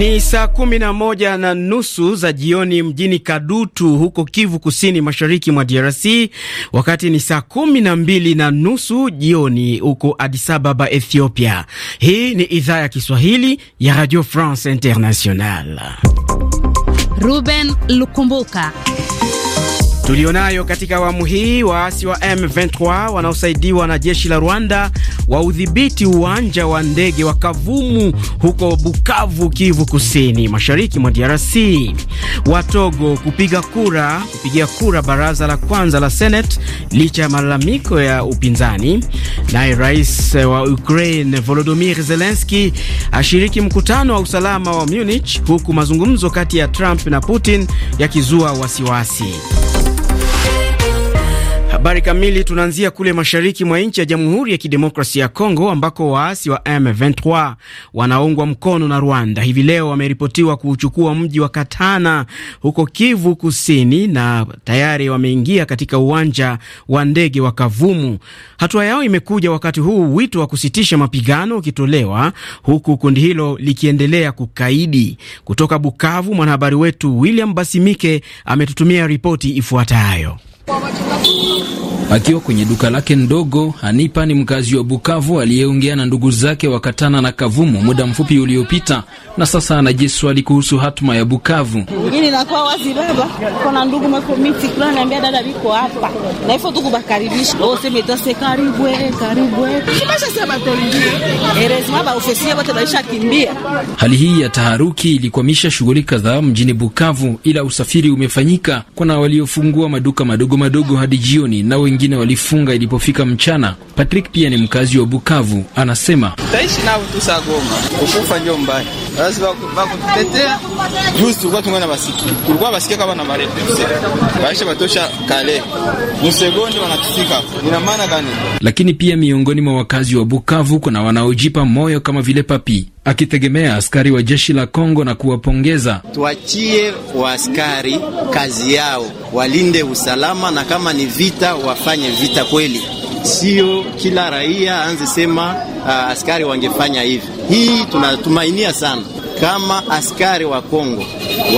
Ni saa kumi na moja na nusu za jioni mjini Kadutu huko Kivu Kusini, mashariki mwa DRC, wakati ni saa kumi na mbili na nusu jioni huko Addis Ababa, Ethiopia. Hii ni idhaa ya Kiswahili ya Radio France international Ruben Lukumbuka tulionayo katika awamu hii. Waasi wa M23 wanaosaidiwa na jeshi la Rwanda waudhibiti uwanja wa ndege wa Kavumu huko Bukavu, Kivu Kusini, mashariki mwa DRC. Watogo kupiga kura kupigia kura baraza la kwanza la Senate licha ya malalamiko ya upinzani. Naye rais wa Ukraine Volodymyr Zelensky ashiriki mkutano wa usalama wa Munich, huku mazungumzo kati ya Trump na Putin yakizua wasiwasi. Habari kamili tunaanzia kule mashariki mwa nchi ya Jamhuri ya Kidemokrasia ya Kongo ambako waasi wa M23 wanaungwa mkono na Rwanda hivi leo wameripotiwa kuuchukua mji wa Katana huko Kivu Kusini, na tayari wameingia katika uwanja wa ndege wa Kavumu. Hatua yao imekuja wakati huu wito wa kusitisha mapigano ukitolewa, huku kundi hilo likiendelea kukaidi. Kutoka Bukavu, mwanahabari wetu William Basimike ametutumia ripoti ifuatayo. Akiwa kwenye duka lake ndogo, Hanipa ni mkazi wa Bukavu aliyeongea na ndugu zake wakatana na Kavumu muda mfupi uliopita na sasa anaje swali kuhusu hatma ya Bukavu. nakuwa wazi baba, kuna ndugu dada biko hapa. Na tu kubakaribisha. Oh, sema eh, eh. kimbia. Hali hii ya taharuki ilikwamisha shughuli kadhaa mjini Bukavu ila usafiri umefanyika. Kuna waliofungua maduka madogo madogo hadi jioni na wengine walifunga ilipofika mchana. Patrick pia ni mkazi wa Bukavu anasema, taishi nao tu mbaya bazi bakutetea juzi tulikuwa tungana basiki kulikuwa basiki kama na marembe baisha batosha kale ni sekondi wanatusika ina maana gani? Lakini pia miongoni mwa wakazi wa Bukavu kuna wanaojipa moyo kama vile Papi akitegemea askari wa jeshi la Kongo na kuwapongeza. Tuachie waaskari kazi yao, walinde usalama, na kama ni vita wafanye vita kweli, sio kila raia aanze sema uh, askari wangefanya hivi. Hii tunatumainia sana kama askari wa Kongo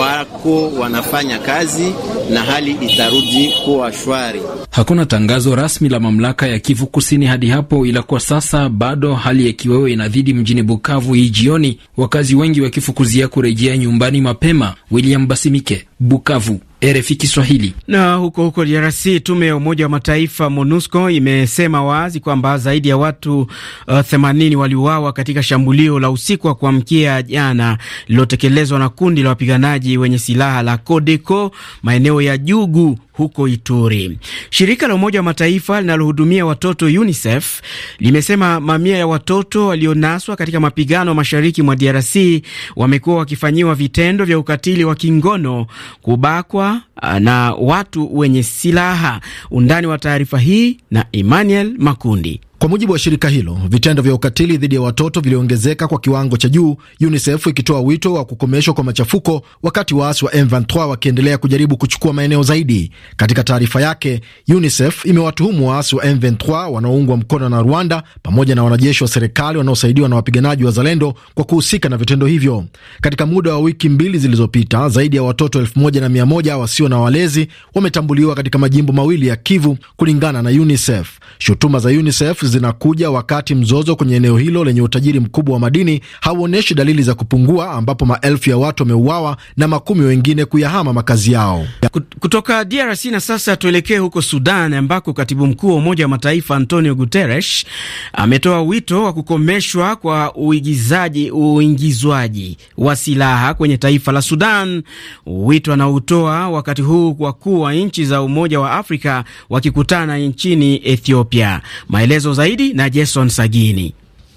wako wanafanya kazi na hali itarudi kuwa shwari. Hakuna tangazo rasmi la mamlaka ya Kivu Kusini hadi hapo, ila kwa sasa bado hali ya kiwewe inadhidi mjini Bukavu hii jioni, wakazi wengi wakifukuzia kurejea nyumbani mapema. William Basimike, Bukavu. RFI Kiswahili. Na huko huko DRC, tume ya Umoja wa Mataifa MONUSCO imesema wazi kwamba zaidi ya watu uh, 80 waliuawa katika shambulio la usiku wa kuamkia jana lililotekelezwa na kundi la wapiganaji wenye silaha la CODECO maeneo ya Jugu huko Ituri. Shirika la Umoja wa Mataifa linalohudumia watoto UNICEF limesema mamia ya watoto walionaswa katika mapigano mashariki mwa DRC wamekuwa wakifanyiwa vitendo vya ukatili wa kingono, kubakwa Ah, na watu wenye silaha. Undani wa taarifa hii na Emmanuel Makundi. Kwa mujibu wa shirika hilo, vitendo vya ukatili dhidi ya watoto viliongezeka kwa kiwango cha juu, UNICEF ikitoa wito wa kukomeshwa kwa machafuko, wakati waasi wa M23 wakiendelea kujaribu kuchukua maeneo zaidi. Katika taarifa yake, UNICEF imewatuhumu waasi wa M23 wanaoungwa mkono na Rwanda pamoja na wanajeshi wa serikali wanaosaidiwa na wapiganaji wa Zalendo kwa kuhusika na vitendo hivyo. Katika muda wa wiki mbili zilizopita, zaidi ya watoto 11 wasio na walezi wametambuliwa katika majimbo mawili ya Kivu kulingana na UNICEF. Shutuma za UNICEF zinakuja wakati mzozo kwenye eneo hilo lenye utajiri mkubwa wa madini hauonyeshi dalili za kupungua, ambapo maelfu ya watu wameuawa na makumi wengine kuyahama makazi yao. Kutoka DRC na sasa tuelekee huko Sudan ambako katibu mkuu wa Umoja wa Mataifa Antonio Guterres ametoa wito wa kukomeshwa kwa uigizaji uingizwaji wa silaha kwenye taifa la Sudan, wito anaotoa wakati wakati huu wakuu wa nchi za Umoja wa Afrika wakikutana nchini Ethiopia. Maelezo zaidi na Jason Sagini.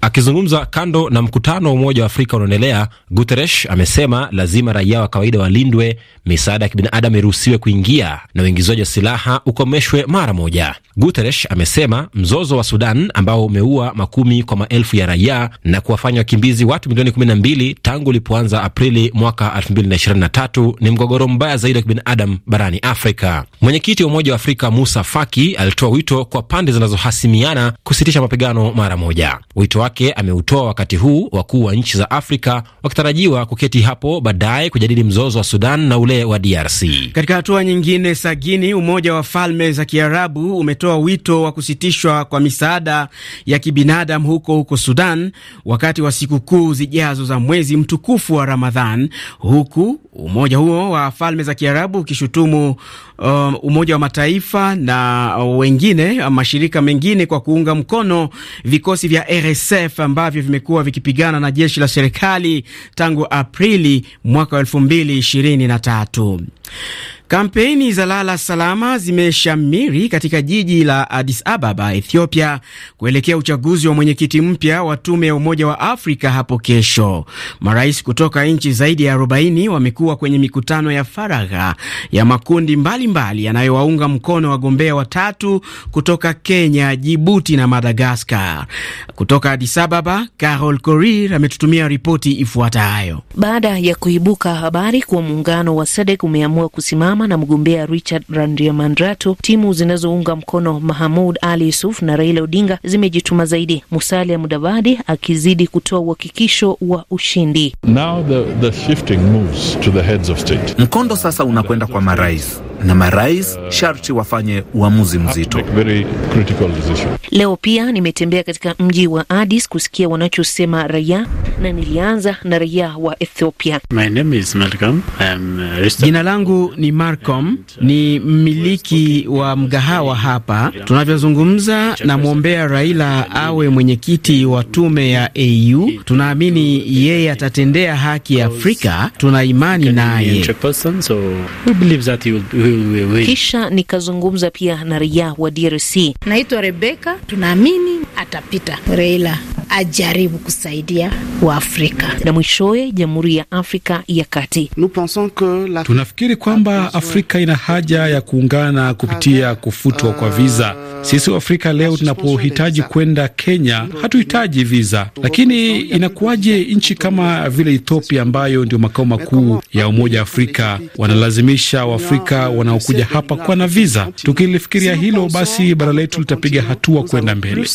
Akizungumza kando na mkutano wa Umoja wa Afrika unaoendelea, Guterres amesema lazima raia wa kawaida walindwe, misaada ya kibinadamu iruhusiwe kuingia na uingizwaji wa silaha ukomeshwe mara moja. Guterres amesema mzozo wa Sudan ambao umeua makumi kwa maelfu ya raia na kuwafanya wakimbizi watu milioni 12 tangu ulipoanza Aprili mwaka 2023 ni mgogoro mbaya zaidi wa kibinadamu barani Afrika. Mwenyekiti wa Umoja wa Afrika Musa Faki alitoa wito kwa pande zinazohasimiana kusitisha mapigano mara moja. Wito wake ameutoa wakati huu wakuu wa nchi za Afrika wakitarajiwa kuketi hapo baadaye kujadili mzozo wa Sudan na ule wa DRC. Katika hatua nyingine, Sagini, Umoja wa Falme za Kiarabu umetoa wito wa kusitishwa kwa misaada ya kibinadamu huko huko Sudan wakati wa sikukuu zijazo za mwezi mtukufu wa Ramadhan, huku umoja huo wa Falme za Kiarabu ukishutumu um, Umoja wa Mataifa na wengine mashirika mengine kwa kuunga mkono vikosi vya RSF UNICEF ambavyo vimekuwa vikipigana na jeshi la serikali tangu Aprili mwaka wa elfu mbili ishirini na tatu. Kampeni za lala salama zimeshamiri katika jiji la Addis Ababa, Ethiopia, kuelekea uchaguzi wa mwenyekiti mpya wa tume ya Umoja wa Afrika hapo kesho. Marais kutoka nchi zaidi ya 40 wamekuwa kwenye mikutano ya faragha ya makundi mbalimbali yanayowaunga mkono wagombea watatu kutoka Kenya, Jibuti na Madagaskar. Kutoka Addis Ababa, Carol Korir ametutumia ripoti ifuatayo. Baada ya kuibuka habari kuwa muungano wa SADC umeamua kusimama Obama na mgombea Richard Randriamandrato, timu zinazounga mkono Mahamud Ali Yusuf na Raila Odinga zimejituma zaidi, Musalia Mudavadi akizidi kutoa uhakikisho wa ushindi. Now the, the shifting moves to the heads of state. Mkondo sasa unakwenda kwa marais na marais sharti wafanye uamuzi mzito. Leo pia nimetembea katika mji wa Addis kusikia wanachosema raia, na nilianza na raia wa Ethiopia. Uh, Jina langu ni Malcolm, ni mmiliki wa mgahawa hapa. Tunavyozungumza, namwombea Raila awe mwenyekiti wa tume ya AU. Tunaamini yeye atatendea haki ya Afrika, tuna imani naye. Kisha nikazungumza pia na raia wa DRC. Naitwa Rebeka, tunaamini atapita Raila ajaribu kusaidia Waafrika na mwishowe Jamhuri ya Afrika ya Kati. Tunafikiri kwamba Afrika ina haja ya kuungana kupitia kufutwa kwa viza. Euh, sisi Waafrika leo tunapohitaji kwenda Kenya hatuhitaji viza lakini inakuwaje nchi kama vile Ethiopia ambayo ndio makao makuu ya Umoja wa Afrika wanalazimisha Waafrika wanaokuja hapa kuwa na viza Tukilifikiria hilo, basi bara letu litapiga hatua kwenda mbele.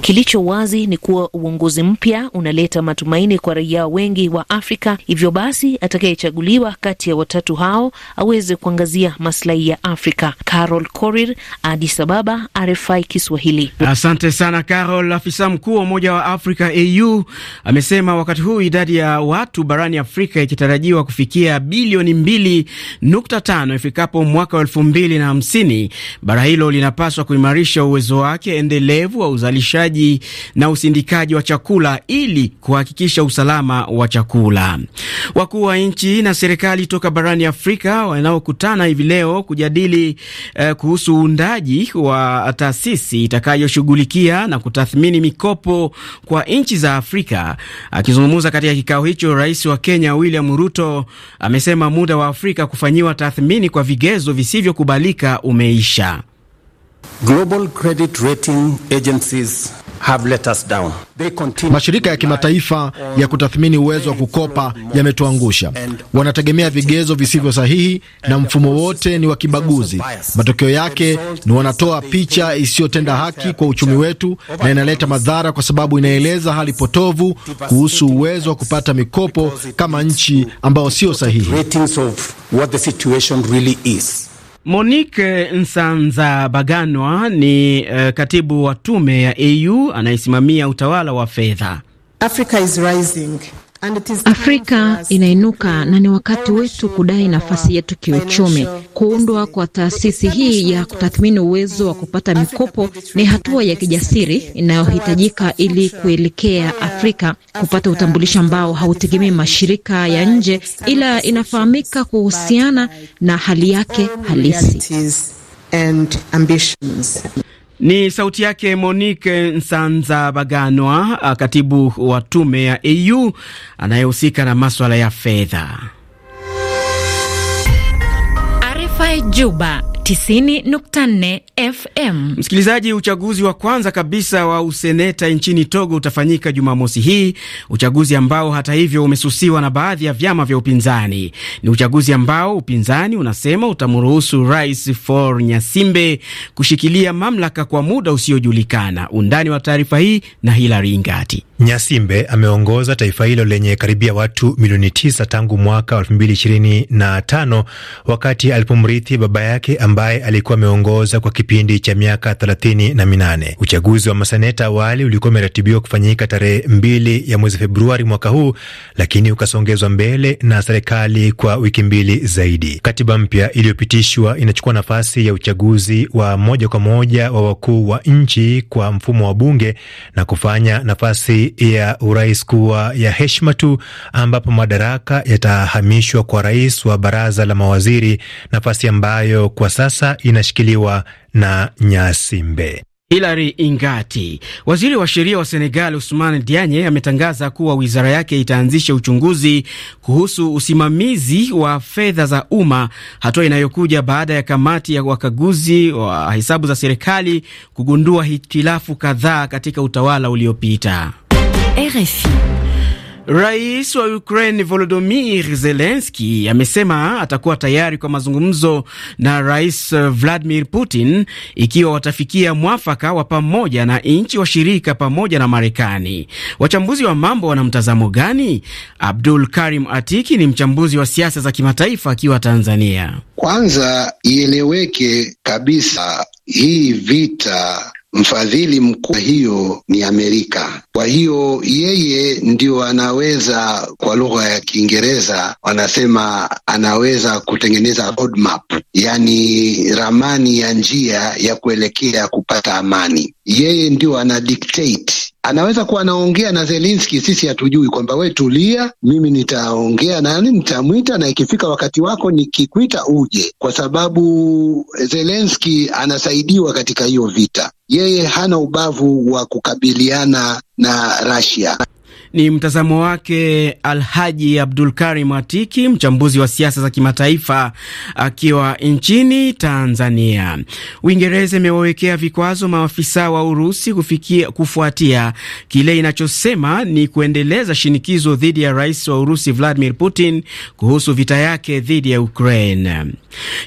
Kilicho wazi ni kuwa uongozi mpya unaleta matumaini kwa raia wengi wa Afrika. Hivyo basi, atakayechaguliwa kati ya watatu hao aweze kuangazia maslahi ya Afrika. Carol Korir, Addis Ababa. RFI Kiswahili. Asante sana Carol. Afisa mkuu wa Umoja wa Afrika AU amesema wakati huu idadi ya watu barani Afrika ikitarajiwa kufikia bilioni 2.5 ifikapo mwaka wa 2050, bara hilo linapaswa kuimarisha uwezo wake endelevu wa uzalishaji na usindikaji wa chakula ili kuhakikisha usalama wa chakula. Wakuu wa nchi na serikali toka barani Afrika wanaokutana hivi leo kujadili eh, kuhusu uundaji wa taasisi itakayoshughulikia na kutathmini mikopo kwa nchi za Afrika. Akizungumza katika kikao hicho, rais wa Kenya William Ruto amesema muda wa Afrika kufanyiwa tathmini kwa vigezo visivyokubalika umeisha. Global credit rating agencies have let us down. They continue... Mashirika ya kimataifa ya kutathmini uwezo wa kukopa yametuangusha. Wanategemea vigezo visivyo sahihi na mfumo wote ni wa kibaguzi. Matokeo yake ni wanatoa picha isiyotenda haki kwa uchumi wetu na inaleta madhara kwa sababu inaeleza hali potovu kuhusu uwezo wa kupata mikopo kama nchi ambao sio sahihi. Monique Nsanza Baganwa ni uh, katibu wa tume ya AU anayesimamia utawala wa fedha. Africa is rising. Afrika inainuka na ni wakati wetu kudai nafasi yetu kiuchumi. Kuundwa kwa taasisi hii ya kutathmini uwezo wa kupata mikopo ni hatua ya kijasiri inayohitajika ili kuelekea Afrika kupata utambulisho ambao hautegemei mashirika ya nje, ila inafahamika kuhusiana na hali yake halisi. Ni sauti yake Monique Nsanza Baganwa, katibu wa tume ya EU anayehusika na maswala ya fedha. Juba 90.4 FM. Msikilizaji, uchaguzi wa kwanza kabisa wa useneta nchini Togo utafanyika Jumamosi hii, uchaguzi ambao hata hivyo umesusiwa na baadhi ya vyama vya upinzani. Ni uchaguzi ambao upinzani unasema utamruhusu Rais For Nyasimbe kushikilia mamlaka kwa muda usiojulikana. Undani wa taarifa hii na Hilari Ngati. Nyasimbe ameongoza taifa hilo lenye karibia watu milioni 9 tangu mwaka 2025 wakati alipomrithi baba yake ambaye alikuwa ameongoza kwa kipindi cha miaka na minane Uchaguzi wa maseneta awali ulikuwa umeratibiwa kufanyika tarehe mbili ya mwezi Februari mwaka huu, lakini ukasongezwa mbele na serikali kwa wiki mbili zaidi. Katiba mpya iliyopitishwa inachukua nafasi ya uchaguzi wa moja kwa moja wa wakuu wa nchi kwa mfumo wa bunge na kufanya nafasi ya urais kuwa ya heshima tu, ambapo madaraka yatahamishwa kwa rais wa baraza la mawaziri, nafasi ambayo kwa sasa sasa inashikiliwa na Nyasimbe. Hilary Ingati, waziri wa sheria wa Senegal Usman Dianye ametangaza kuwa wizara yake itaanzisha uchunguzi kuhusu usimamizi wa fedha za umma, hatua inayokuja baada ya kamati ya wakaguzi wa hesabu za serikali kugundua hitilafu kadhaa katika utawala uliopita. RFI Rais wa Ukraine Volodymyr Zelensky amesema atakuwa tayari kwa mazungumzo na Rais Vladimir Putin ikiwa watafikia mwafaka wa pamoja na nchi washirika pamoja na Marekani. Wachambuzi wa mambo wana mtazamo gani? Abdul Karim Atiki ni mchambuzi wa siasa za kimataifa akiwa Tanzania. Kwanza ieleweke kabisa hii vita mfadhili mkuu hiyo ni Amerika. Kwa hiyo yeye ndio anaweza, kwa lugha ya Kiingereza wanasema anaweza kutengeneza roadmap, yani ramani ya njia ya kuelekea kupata amani. Yeye ndio ana dictate anaweza kuwa anaongea na Zelenski, sisi hatujui kwamba we tulia, mimi nitaongea nani, nitamwita na ikifika wakati wako nikikwita uje, kwa sababu Zelenski anasaidiwa katika hiyo vita yeye hana ubavu wa kukabiliana na Russia. Ni mtazamo wake Alhaji Abdul Karim Atiki, mchambuzi wa siasa za kimataifa akiwa nchini Tanzania. Uingereza imewawekea vikwazo maafisa wa Urusi kufikia, kufuatia kile inachosema ni kuendeleza shinikizo dhidi ya rais wa Urusi Vladimir Putin kuhusu vita yake dhidi ya Ukraine.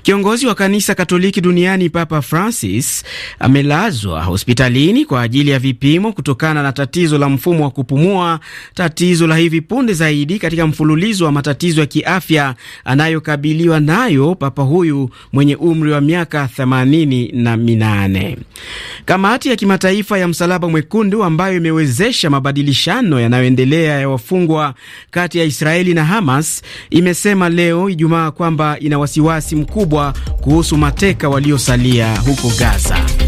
Kiongozi wa kanisa Katoliki duniani Papa Francis amelazwa hospitalini kwa ajili ya vipimo kutokana na tatizo la mfumo wa kupumua tatizo la hivi punde zaidi katika mfululizo wa matatizo ya kiafya anayokabiliwa nayo papa huyu mwenye umri wa miaka 88. Kamati ya kimataifa ya Msalaba Mwekundu ambayo imewezesha mabadilishano yanayoendelea ya wafungwa kati ya Israeli na Hamas imesema leo Ijumaa kwamba ina wasiwasi mkubwa kuhusu mateka waliosalia huko Gaza.